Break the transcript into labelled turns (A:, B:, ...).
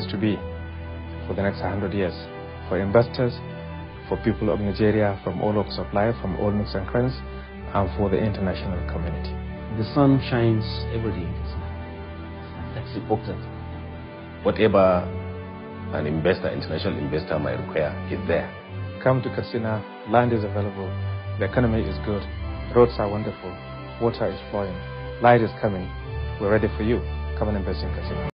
A: is to be for the next 100 years for investors, for people of Nigeria from all walks of life, from all nooks and crannies, and for the international community. The sun shines
B: every day. That's important. Whatever an investor, international investor might require is there.
C: Come to Casina,
D: land is available, the economy is good, roads are wonderful, water is flowing, light is coming. We're ready for you. Come and invest in Casina.